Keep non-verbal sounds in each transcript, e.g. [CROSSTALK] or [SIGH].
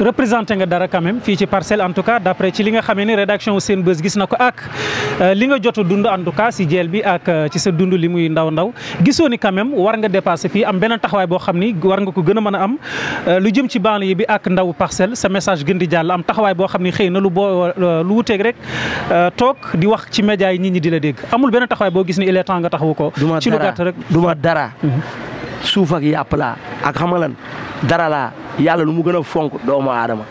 représenté nga dara quand fii ci parcelle en tout cas d' après ci li nga xamee ni rédaction Senbuzz gis na ko ak euh, li nga jot dund en tout cas si jeel bi ak euh, ci sa dund li muy ndaw ndaw gisoo ni quand même war nga dépassé fii am benn taxawaay boo xam ni war nga ko gën a mën a am euh, lu jëm ci yi bi ak ndaw parcelle sa message gën di jàll am taxawaay boo xam ni xëy na lu boo lu wuteeg rek toog di wax ci média yi nit ñi di la dégg amul benn taxawaay boo gis ni il est temps nga ko ci lu gàtt rek duma dara mhm. suuf ak ak xamalan dara laa yàlla lu mu gën a fonk doomu aadama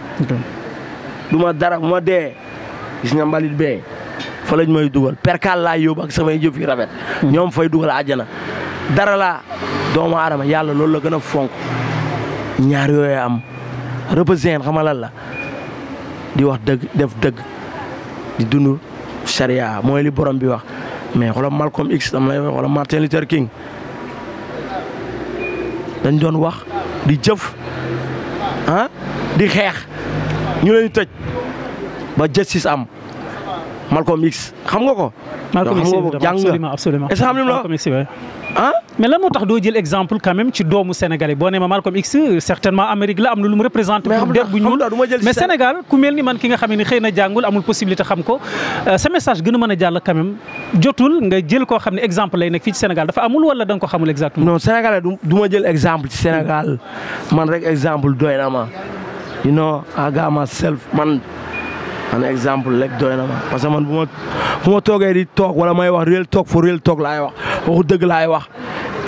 du ma dara bu ma dee gis nga mbalit bee fa lañ may dugal perkaal laa yóbbu ak samay jëf yu rafet ñoom fay dugal ajana dara laa doomu aadama yàlla loolu la gën a fonk ñaar yooyu am represent xamalal la di wax dëgg di dund charia mooy li borom bi wax mais xoolal Malcolm X dam lay wax xoolal King dañ doon wax di jëf ah di xeex ñu leen tëj ba justice am Malcolm X xam nga ko. Malcolm X xam nga ko jàng nga. absolument ah mais lan moo tax doo jël exemple quand même ci doomu sénégalais boo nee ma Malcolm X certainement Amérique la am na lu mu représenté. pour der bu ñuul Sénégal ku mel ni man ki nga xam ne xëy na jàngul amul possibilité xam ko euh, sa message gën a mën a jàll quand même jotul nga jël koo xam ne exemple lay nekk fii ci Sénégal dafa amul wala da nga ko xamul exactement. non sénégalais du ma jël exemple ci Sénégal man rek exemple doy na ma you know I got man. man exemple rek doy na ma parce que man bu ma bu ma toogee di toog wala may wax réel toog fo réel toog laay wax waxu dëgg laay wax.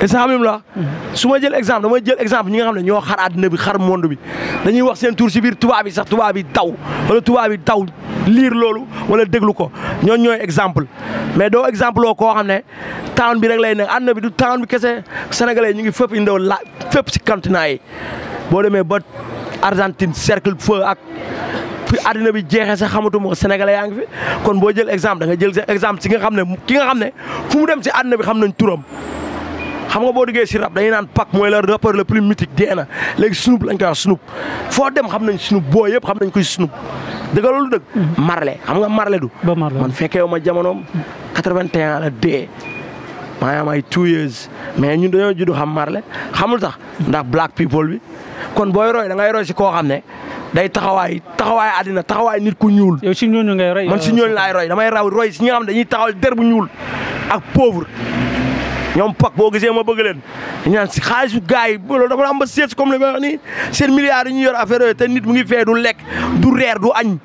exemple la su ma jël exemple dama jël example ñi nga xam ne ñoo xar àddina bi xar monde bi dañuy wax seen tur si biir tubaab bi sax tubaab bi daw wala taw bi daw liir loolu wala lu ko ñoon ñooy exemple mais doo exemple loo ko xam ne town bi rek lay nekk àddina bi du town bi kese sénégalais ñu ngi fépp indew la fépp si continent yi boo demee ba Argentine cercle feu ak bi àddina bi jeexee sax xamatuma sénégalais yaa ngi fi kon boo jël exemple da nga jël exemple si nga xam ne ki nga xam ne fu mu dem si àddina bi xam nañ turam xam nga boo duggee si rap dañuy naan pak mooy le rappeur le plus mythique dee na léegi Snoop lañ koy wax Snoop foo dem xam nañ Snoop boo yëpp xam nañ koy Snoop dëgg loolu dëgg Marley xam nga Marley du man fekkee wu ma jamonoom 81 la dee maa ngi am ay two years mais ñun dañoo juddu xam Marley xamul tax ndax black people bi kon booy day taxawaay taxawaay àddina taxawaay nit ku ñuul. yow si ñooñu ngay roy man si ñooñu laay roy damay raw roy si ñi nga xam dañuy der bu ñuul ak pauvre. ñoom pak boo gisee ma bëgg leen ñaan si xaalisu gars yi loolu dafa am ba seet comme li ma nii seen milliards yi ñu yor affaire yooyu te nit mu ngi fee du lekk du reer du añ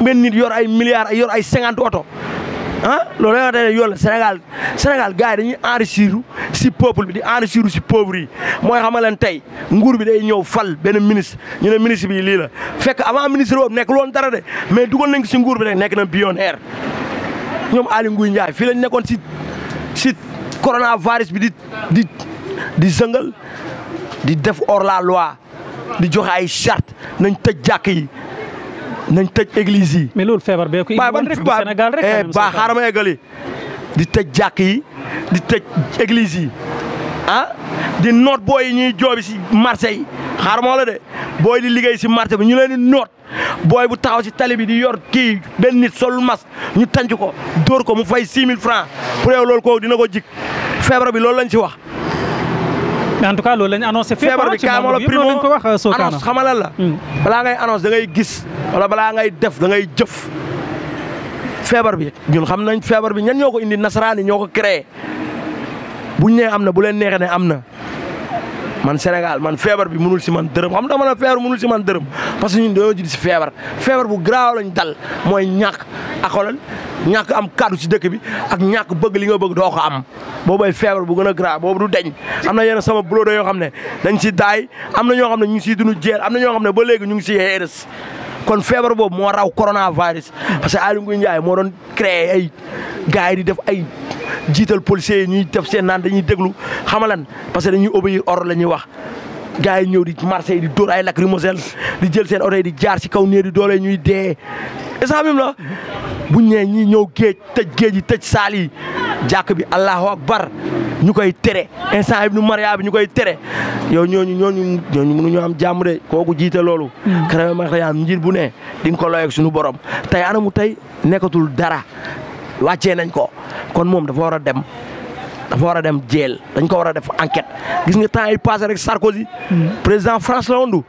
benn nit yor ay milliards yor ay cinquante oto ah loolu la nga Sénégal Sénégal gars yi dañuy enrichir si peuple bi di enrichir si pauvre yi mooy xamal leen tey nguur bi day ñëw fal benn ministre ñu ne ministre bi lii la fekk avant ministre boobu nekk loon dara de mais dugal nañ ko si nguur bi rek nekk na billionnaire ñoom Aly Ngouille Ndiaye fii lañ nekkoon si si coronavirus bi di di di zëngal di def or la loi di joxe ay charte nañ tëj jàkk yi nañ tëj église yi. mais loolu feebar bee ko indi rek Sénégal rek eh, baax xaaral ma eggali di tëj jàkk yi di tëj église yi ah di noot booy yi ñuy joobi si marché yi xaaral ma la de booy di liggéey si marché bi ñu leen di noot booy bu taxaw si tali bi di yor kii benn sol solul mas ñu tànc ko dóor ko mu fay 6000 francs pour yow loolu ko dina ko jik feebar bi loolu lañ si wax. en tout cas loolu lañ annoncé. feebar bi Kaama la primo ko wax Sokana annonce xamalal la. Hmm. balaa gis wala balaa ngay def da jëf. feebar bi ñun xam nañ feebar bi ñan ñoo ko indi nasaraan yi ñoo ko créé buñ am na bu leen neexee ne am na. man Sénégal man feebar bi mënul si man dërëm xam dama ne feebar mënul si man dërëm parce que ñun dañoo jël si feebar feebar bu garaaw lañ dal mooy ñàkk ak xoolal ñàkk am kaddu si dëkk bi ak ñàkk bëgg li nga bëgg doo ko am boobay feebar bu gën a grave boobu du deñ am na yenn sama bulodo yoo xam ne dañ si daay am na ñoo xam ne ñu ngi siy dund jeer am na ñoo xam ne ba léegi ñu ngi si xeeris kon feebar boobu moo raw coronavirus parce que Aly Ngouille moo doon créé ay gars yi di def ay jiital policiers yi ñuy def seen naan dañuy déglu xamalan parce que dañuy obéir ordre la ñuy wax. gars yi ñëw di marché yi di dóor ay lacrymogène di jël seen oto yi di jaar si kaw néew di doole ñuy dee instant même la buñ nee ñi ñëw géej tëj géej yi tëj saal yi jàkk bi allahu akbar ñu koy tere instant ibnu maria bi ñu koy tere yow ñooñu ñooñu ñooñu mënuñu am jàmm de kooku jiite loolu ma max yaam njir bu ne di nga ko looyeeg suñu borom tey anamu tey nekkatul dara wàccee nañ ko kon moom dafa war a dem dafa war a dem jeel dañ ko war a def enquête gis nga temps yi passé rek Sarkozy. président France la woon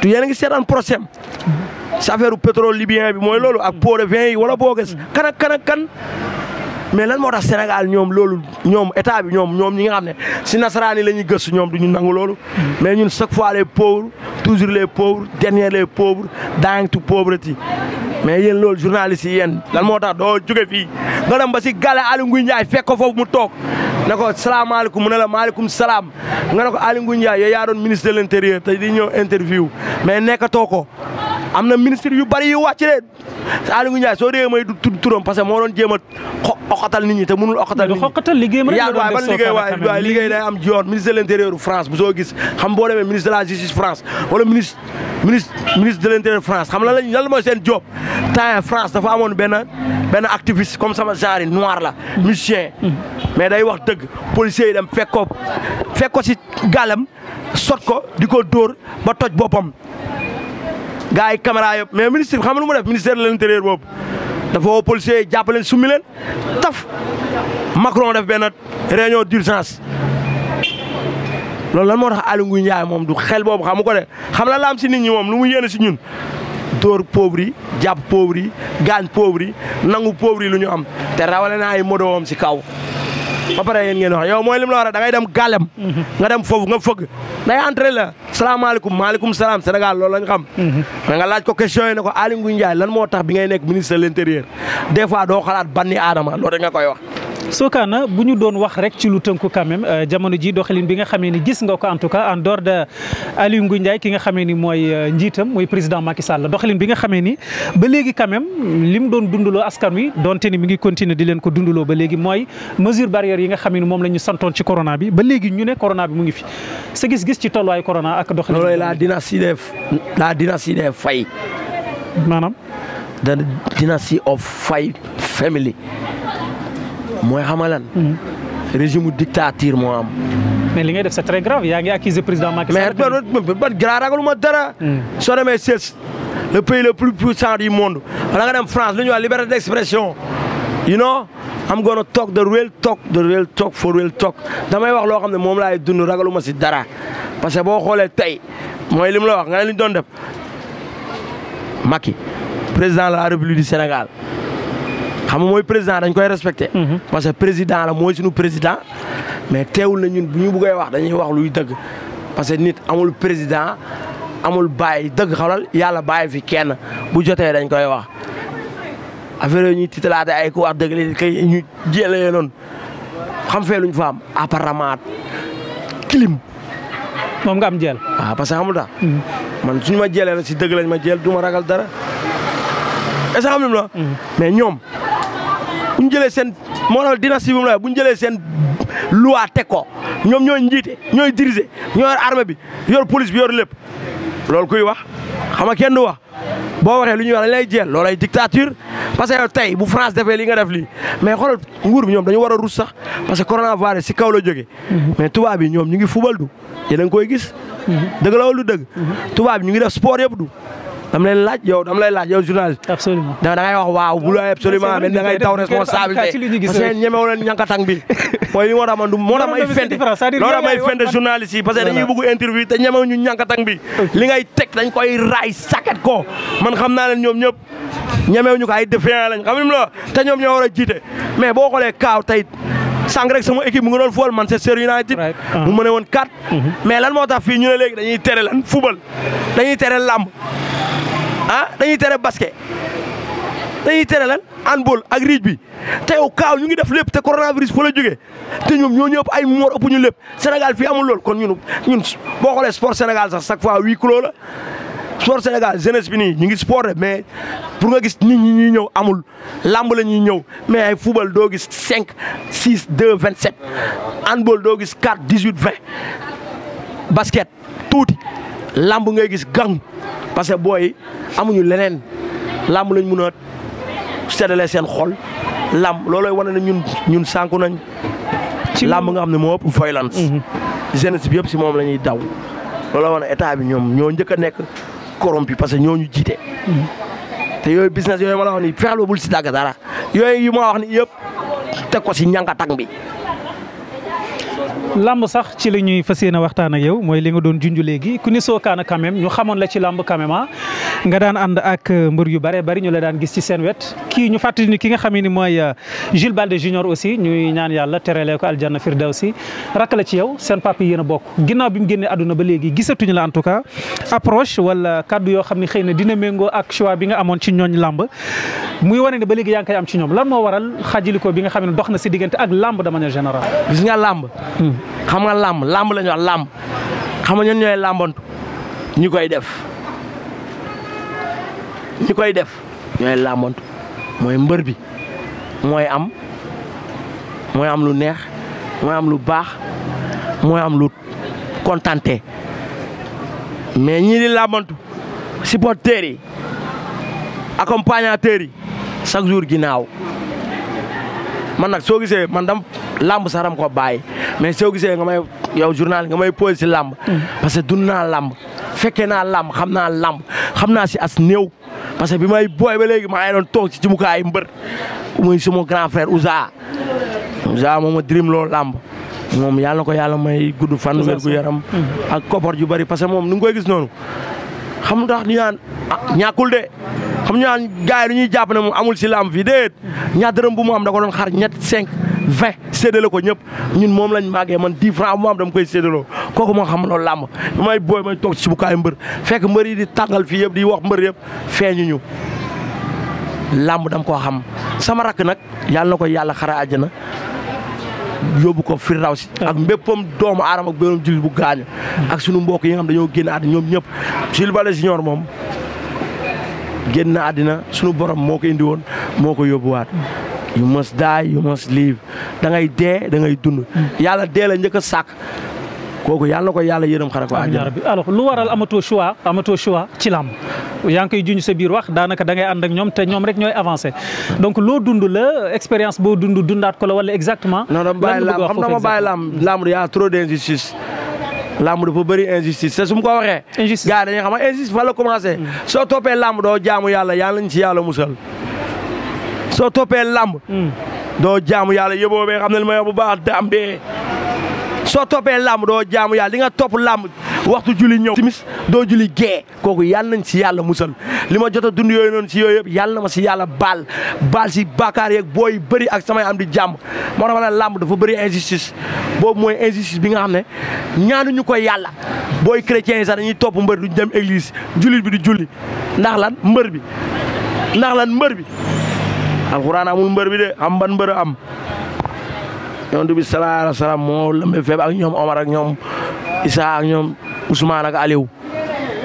tu yéen a ngi seetaan procès ci affaire pétrole libyen bi mooy loolu ak pot de vin yi wala booges kan ak kan ak kan. mais lan moo tax Sénégal ñoom loolu ñoom état bi ñoom ñoom ñi nga xam ne si nasaraan yi la ñuy gëstu ñoom du ñu nangu loolu. mais ñun chaque fois les pauvres toujours les pauvres dernier les pauvres dying to poverty mais yéen loolu journaliste yi yéen lan moo tax doo jóge fii nga dem ba si gàlle Aliou Ngouye Ndiaye fekk foofu mu toog ne ko salaamaaleykum mu ne la maaleykum salaam nga ne ko Aliou Ngouye Ndiaye yow yaa doon ministre de l' intérieur te di ñëw interview mais nekkatoo ko. am na ministre yu bari yu wàcc de Aliou Ndiaye soo dee may du tudd turam parce que moo doon jéem a xoqatal nit ñi te mënul xoqatal nit ñi xoqatal liggéey mën yaa waaye ban liggéey waay waaye liggéey day am yoon ministre de l'intérieur France bu soo gis xam boo demee ministre de la France xam lan lañ seen job temps France dafa amoon benn benn activiste comme sama genre yi noir la musicien mais day wax dëgg policiers yi dem fekk ko fekk si gàllam sot ko di ko dóor ba toj boppam gars yi caméra yëpp mais ministre xam lu mu def ministère de l' intérieur boobu dafa woo policiers yi jàppaleen taf Macron def benn réunion d' urgence loolu lan moo tax Aliou Ngouille Ndiaye moom du xel boobu xamu ko de xam la laam si nit ñi moom lu mu yéene si ñun dóor pauvre yi jàpp pauvre yi gaañ pauvre yi nangu pauvre yi lu ñu am te rawale na ay modoom si kaw ba pare yéen yen wax yow mooy lim la war a da ngay dem gàllem nga dem foofu nga fëgg day entré la salaamaaleykum maaleykum salaam Sénégal lool lañ xam mhm. mais nga laaj ko question yi ne ko Aly Ngouille Ndiaye lan moo tax bi ngay nekk ministre de l'intérieur des fois doo xalaat banni aadama loolu nga koy wax Sokana bu ñu doon wax rek ci lu tënku quand même euh, jamono ji doxalin bi nga xamee ni gis nga ko en tout cas en dehors de Aliou Ngouille Ndiaye ki nga xamee ni mooy euh, njiitam mooy président Macky Sall doxalin bi nga xamee ni ba léegi quand même li mu doon dundaloo askan wi donte ni mi ngi continuer di leen ko dundaloo ba léegi mooy mesure barrière yi nga xamee ni moom la ñu santoon ci korona bi ba léegi ñu ne corona bi mu ngi fi sa gis-gis ci tolluwaayu corona ak doxalin. loolooy la dynastie des la dynastie des Faye. maanaam. the dynasty of Faye family. mooy xamalan mhm. régime dictature moo am. mais li ngay def c'est très grave yaa ngi accusé président Macky Sall. mais ban grand ragaluma dara. Mhm. soo demee CES le pays le plus puissant du monde wala nga dem France lu ñuy wax liberté d'expression you know I'm gonna talk the real talk the real talk for real talk damay wax loo xam ne moom laay dund ragaluma si dara parce que boo xoolee tey mooy li mu la wax nga ne li ñu doon def Macky président de la République du Sénégal. xam nga mooy président dañ koy respecté. Mhm. parce que président la mooy suñu président. mais teewul na ñun bu ñu bëggee wax dañuy wax luy dëgg parce que nit amul président amul bàyyi dëgg xolal yàlla bàyyi fi kenn bu jotee dañ koy wax. affaire yooyu ñuy titalaate ay ku wax dëgg li kay ñu jélee noonu xam fee luñ fa am apparemment clim. moom nga am jël. Ah, parce que xamul tax mhm. man suñu ma jëlee la si dëgg lañ ma jel du ma ragal dara. est-ce que xam la mhm. mais ñoom jëlee seen moo tax dynastie bi mu la bu ñu jëlee seen loi teg ko ñoom ñooy njiite ñooy dirise ñoo arme bi yor police bi yor lépp loolu kuy wax xam nga kenn du wax boo waxee lu ñu wax dañ lay jël loolay dictature parce que tey bu France defee li nga def lii mais xoolal nguur bi ñoom dañu war a rus sax parce que coronavirus si kaw la jógee. Mhm. mais tubaab yi ñoom ñu ngi fubal du yéen a ngi koy gis. Mhm. dëgg la wala du dëgg. Mhm. tubaab yi ñu ngi def sport yëpp du. dama leen laaj laaj yow journaliste. absolument da ngay wax waaw bu looyee absolument mais da ngay taw responsabilité parce que ñemewu leen ñankatang bi [LAUGHS] mooy li moo tax man fente loo tax may fente journaliste yi parce que dañuy bëgg interview te ñemewu ñu ñankatang bi li ngay teg dañ koy raay saket ko man xam naa leen ñoom ñëpp ñemewu ñu ko ay défiant lañ xam nim la te ñoom ñoo war a jiite mais boo xoolee kaaw tey sànq rek sama équipe mu ngi doon fool Manchester United mu mëne woon 4 uh-huh. mais lan moo tax fii ñu ne léegi dañuy tere lan football dañuy tere làmb ah dañuy tere basket dañuy tere lan handball ak riij bi te yow kaaw ñu ngi def lépp te coronavirus fa la jógee te ñoom ñoo ñëpp ay moor ëpp ñu lépp Sénégal fii amul lool kon ñun ñun boo xoolee sport Sénégal sax chaque fois huis clos la. sport Sénégal jeunesse bi nii ñu ngi sport rek mais pour nga gis nit ñi ñuy ñëw amul lamb la ñuy ñëw mais ay football doo gis 5 6 vingt 27 handball doo gis 4 18 20 basket tuuti. làmb ngay gis gang parce que booy amuñu leneen làmb lañ mun a seddalee seen xol làmb loolooy wane ne ñun ñun sànku nañ. ci làmb nga xam ne moo ëpp violence. Mhm. jeunesse yëpp si moom la ñuy daw. looloo wane état bi ñoom ñoo njëkk a nekk corrompu parce que ñoo ñu jiite. Mhm. te yooyu business yooyu ma la wax ni fexeel ba bul si dàgg dara yooyu yu ma wax ni yëpp teg ko si ñàngatang bi. lamb sax ci li ñuy fas yéene waxtaan a yow mooy li nga doon junj léegi ku ni sookaana quand même ñu xamoon la ci lamb quand même ah. nga daan ànd ak euh, mbër yu bare bari ñu la daan gis ci seen wet ki ñu fàttali ni ki nga xam ni mooy euh, Jules Balde junior aussi ñuy ñaan yàlla terelee ko aljanna firdawsi rakk la ci yow seen papa yéen bokk ginnaaw bi mu génnee àdduna ba léegi gisatuñu la en tout cas approche wala kaddu yoo xam ne xëy na dina méngoo ak choix bi nga amoon ci ñooñ lamb muy wane ne ba léegi am ci ñoom lan moo waral xajaliko bi nga xam ne dox na si diggante ak lamb de manière générale gis nga xam nga làmb làmb la ñu wax làmb xam nga ñun ñooy ñu koy def ñu koy def ñooy làmbantu mooy mbër bi mooy am mooy am lu neex mooy am lu baax mooy am lu kontante mais ñii di làmbantu supporteurs yi accompagnateurs yi chaque jour ginnaaw man nag soo gisee man dam làmb saram ko baay mais soo gisee nga may yow journal nga may posé si làmb. Mm. parce que dund naa làmb fekkee naa làmb xam naa làmb xam naa si as néew. parce que bi may booy ba léegi maa ngi doon toog si jumukaay mbër muy suma grand frère Ousa Ousa moom a dream loolu làmb. moom yàlla na ko yàlla may gudd fan. wér gu yaram mm. ak koppar ju bari parce que moom ni nga koy gis noonu. xam ndax ñu naan ah, ñàkkul de xam ñu naan gars yi ñuy jàpp ne moom amul si làmb fii déet ñaar dërëm bu mu am da ko doon xar ñett cinq. vingt séddale ko ñëpp ñun moom lañ màggee man dix francs moo am dama koy séddaloo kooku moo xam loolu làmb may booy may toog ci bukaay mbër fekk mbër yi di tàngal fii yëpp di wax mbër yëpp feeñu ñu làmb dam koo xam sama rakk nag yàlla na ko yàlla xara na yóbbu ko firdaw si ah. ak mbéppam doomu aadama ak béppam jullit bu gaañu ak sunu mbokk yi nga xam dañoo génn àddina ñoom ñëpp Jules Baldé Junior moom génn àddina sunu borom moo ko indiwoon moo ko yóbbuwaat you must die you must live da ngay dee da ngay dund. yàlla dee la njëkk a sàkk kooku yàlla ko yàlla yërëm xare ko a bi alors lu waral amatoo choix amatoo choix ci làmb yaa ngi koy junj sa biir wax daanaka da ngay ànd ak ñoom te ñoom rek ñooy avancé donc loo dund la expérience boo dund dundaat ko la wala exactement. non dama bàyyi làmb xam dama bàyyi làmb làmb yaa trop d'injustice. làmb dafa bëri injustice te su ma ko waxee. injustice gars dañuy xam injustice fa la commencé. Mm. soo toppee làmb doo jaamu yàlla yàlla nañ ci yàlla musal. soo toppee làmb mm. doo jaamu yàlla yóbboo bee xam ne li may wax bu baax daam dee soo topee làmb doo jaamu yàlla li nga topp làmb waxtu julli ñëw timis doo julli gee kooku yàlla nañ si yàlla musal li ma jot a dund yooyu noonu si yooyu yëpp yàlla na ma si yàlla baal baal si bàkkaar yeeg booy bëri ak samay am di jàmm moo tax ma ne làmb dafa bëri injustice boobu mooy injustice bi nga xam ne ñaan ñaanuñu ko yàlla booy chrétien yi sax dañuy topp mbër duñ dem église jullit bi du juli ndax la mbër bi ndax mbër bi alxuraan amul mbër bi de am ban mbër am yonent bi sallallahu alayhi moo lëmbe feeb ak ñoom Omar ak ñoom Issa ak ñoom Ousmane ak Aliou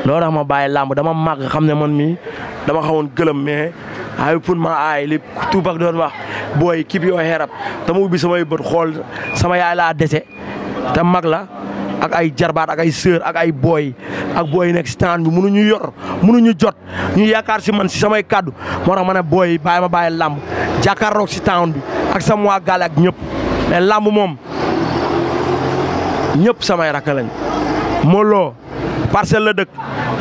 loolu tax ma bàyyi làmb dama màgg xam ne man mi dama xawoon gëlëm mais ay pun ma aay li Tupac doon wax booy keep your head up dama ubbi samay bët xool sama yaay laa dese te mag la ak ay jarbaat ak ay sœur ak ay booy ak booy yi nekk si temps bi mënuñu yor mënuñu jot ñu yaakaar si man si samay kàddu moo tax ma ne booy bàyyi ma bàyyi làmb jàkkaarloog si temps bi ak sama waa gaale ak ñëpp mais làmb moom ñëpp samay rakk lañ Molo parcelle la dëkk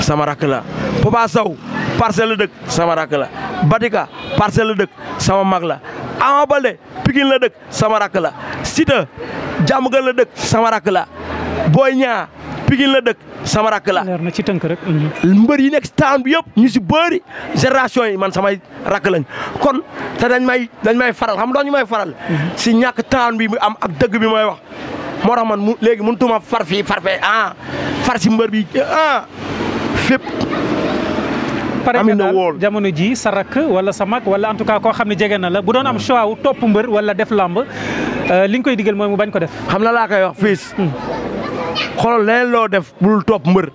sama rakk la Papa Sow parcelle la sama rakk la Badika parcelle la dëkk sama mag la Ama Baldé Pikine la sama rakk la Siteu ga la sama rakk Boy Niang Pikine la dëkk sama rakk la. leer na ci tënk rek. Mhm. mbër yi nekk si taan bi yëpp ñu si bëri génération yi man samay rakk lañ kon te dañ may dañ may faral xam nga ñu may faral. Mhm. si ñàkk taan bi mu am ak dëgg bi may wax. moo tax man mu léegi mënutuma far fii far fee ah, far si mbër bi ah fépp. amin na wool jamono ji sa rakk wala sa mag wala en tout cas koo xam ne jege na la bu doon am mm. choix wu topp mbër wala def lamb euh, li nga koy digal mooy mu bañ ko def. xam na laa koy wax fiis mm. xoolal leneen loo def bul topp mbër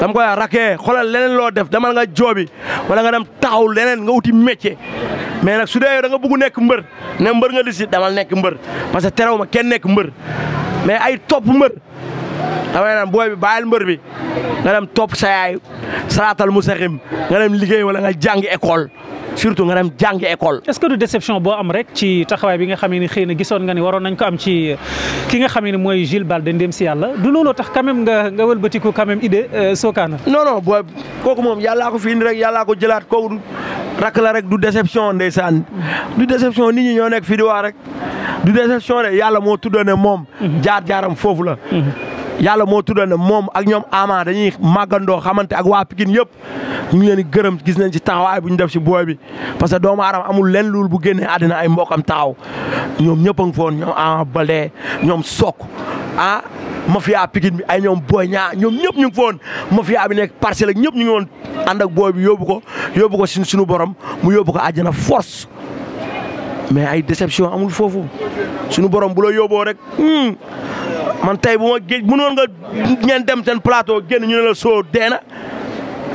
dama koy rakkee xoolal leneen loo def dama nga joobi wala nga dem taxaw leneen nga uti métier mais nag su dee da nga bëgg nekk mbër ne mbër nga lisi damal nekk mbër parce que terew ma kenn nekk mbër mais ay topp mbër damay naan booy bi bàyyil mbër bi nga dem topp sa yaay mu musaxim nga dem liggéey wala nga jàngi école surtout nga dem jàngi école. est-ce que du déception boo am rek ci taxawaay bi nga xam ne xëy na gisoon nga ni waroon nañ ko am ci ki nga xam ne mooy Jules Balde ndem si yàlla du looloo tax quand même nga nga wëlbatiku quand même idée euh, Sokane. non non booy kooku moom yàllaa ko fi indi rek yàllaa ko jëlaat ko rak la rek du déception ndeysaan du déception nit ñi ñoo nekk fii di wax rek du déception rek yàlla moo tuddoon ne moom. Mhm. jaar jaaram foofu la. Mhm. yàlla moo tuddal ne moom ak ñoom Ama dañuy màggandoo xamante ak waa Pikine yëpp ñu ngi gërëm gis nañ ci taxawaay bu ñu def ci booy bi parce que doomu aadama amul leen loolu bu génnee àddina ay mbokkam taxaw ñoom ñëpp a ngi foon ñoom Ama Baldé ñoom sok ah mafia Pikine bi ay ñoom Boy Niang ñoom ñëpp ñu ngi foon mafia bi nekk parcelle ak ñëpp ñu ngi woon ak booy bi yóbbu ko yóbbu ko suñ suñu borom mu yóbbu ko àjjana force mais ay déception amul foofu suñu borom bu la yóbboo rek. Hmm, man tey bu ma géej mënoon nga ngeen dem seen plateau génn ñu ne la soo dee na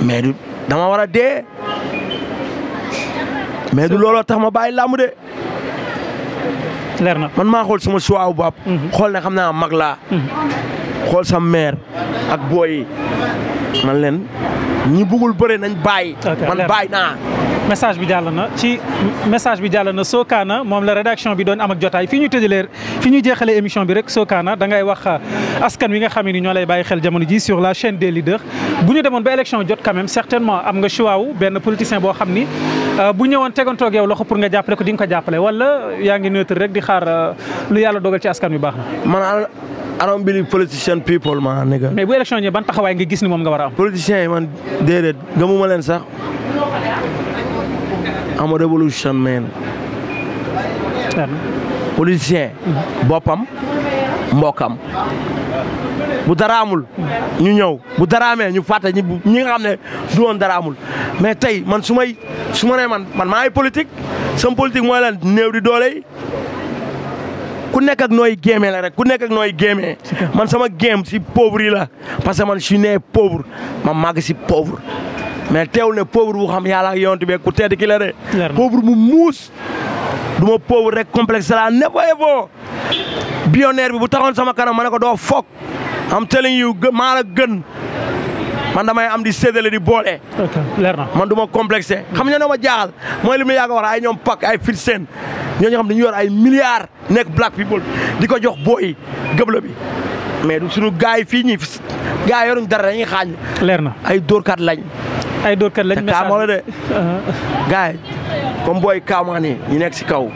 mais du dama war a dee mais du looloo tax ma bàyyi làmb de. leer na man maa xool sama suwaaw bu baax. xool ne xam naa mag laa. Mhm. xool sa mère ak booy yi man leen ñi bëggul bëre nañ bàyyi. man bàyyi naa. message bi jàll na ci message bi jàll na Sokana moom la rédaction bi doon am ak jotaay fi ñu tëjalee fi ñu jeexalee émission bi rek Sokana da ngay wax askan wi nga xam ni ñoo lay bàyyi xel jamono ji sur la chaîne des leaders bu ñu demoon ba élection jot quand certainement am nga choix wu benn politicien boo xam ni euh, bu ñëwoon tegantoog yow loxo pour nga jàppale ko dinga ko jàppale wala yaa ngi neutre rek di xaar euh, lu yàlla dogal ci askan wi baax na. I don't believe politician people ma nigga. mais bu nga gis ni moom nga war a am. politiciens yi man déedéet gëmuma leen am révolution man politicien boppam mbokkam bu dara amul ñu ñëw bu dara ñu fàtte ñi ñi nga xam ne du woon dara amul mais tey man su may su ma nee man man maa ngi politique sama politique mooy la néew di doole ku nekk ak nooy géemee la rek ku nekk ak nooy géemee man sama géem si pauvre yi la parce que man je suis né pauvre ma màgg si pauvre mais teewul ne pauvre bu xam yàlla ak yonent bi ku tedd ki la de. pauvre mu muus du ma pauvre rek complexe la ne ko yeboo bi bu taxoon sama kanam ma ne ko doo foog am telling you maa gën. man damay am di séddale di boole. leer na man du ma complexé. xam nga ne ma jaaxal mooy li mu yàgg wax ay ñoom pak ay fit seen ñooñu xam dañu yor ay milliards nekk black people di ko jox booy gëbla bi. mais suñu gaay yi fii ñi gaay yoruñ dara dañuy xaañ. leer na ay dóorkat lañ. ay dóorkat lañ message te la de. Uh-huh. gaay comme booy Kaamaan yi ñu nekk si kaw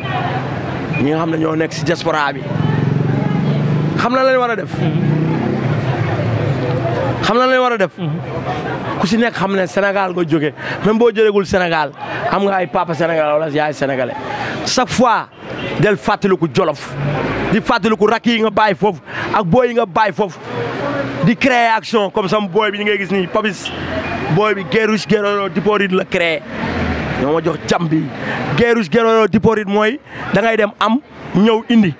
ñi nga xam ne ñoo nekk si diaspora bi xam na lañ war a def. Uh-huh. xam na lañ war a def. Uh-huh. ku si nekk xam ne senegal nga jóge même boo jëregul Sénégal am nga ay papa Sénégal wala yaay sénégalais chaque fois. del fàttaliku jolof di fàttaliku rakk yi nga bàyyi foofu ak booy yi nga bàyyi foofu di créer action comme sam booy bi ñu ngay gis nii Papis booy bi Guérouche Guéréro Dipporid la créé ñoo ma jox jam bi Guérouche Guéréro Dipporid mooy da ngay dem am ñëw indi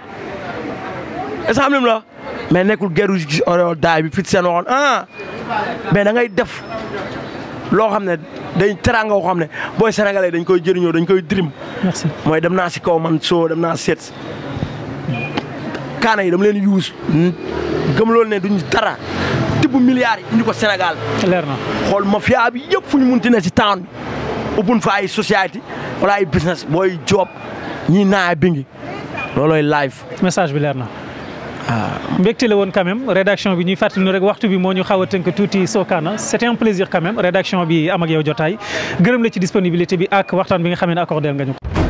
est-ce que la mais nekkul Guérouche Guéréro daay bi fit seen waxoon ah mais da ngay def loo xam ne day teraanga woo xam ne booy sénégalais dañ koy jëriñoo dañ koy dirim. mooy dem naa si kaw man soo dam naa seet. kaana yi dama leen yuus gëm loolu ne duñ dara tibb milliards yi indi ko Sénégal. leer na xool mafia bi yëpp fu ñu munti ne si town bi ubbuñ fa ay société wala ay business booy job ñi naa bingi loolooy live. message bi leer na. waaw ah. mbégte la woon quand rédaction bi ñuy fàttali ñu rek waxtu bi moo ñu xaw a tënk tuuti Sokana c'était un plaisir quand même rédaction bi am ak yow jotaay gërëm la ci disponibilité bi ak waxtaan bi nga xam ne accordé nga ñu ko.